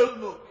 elnök!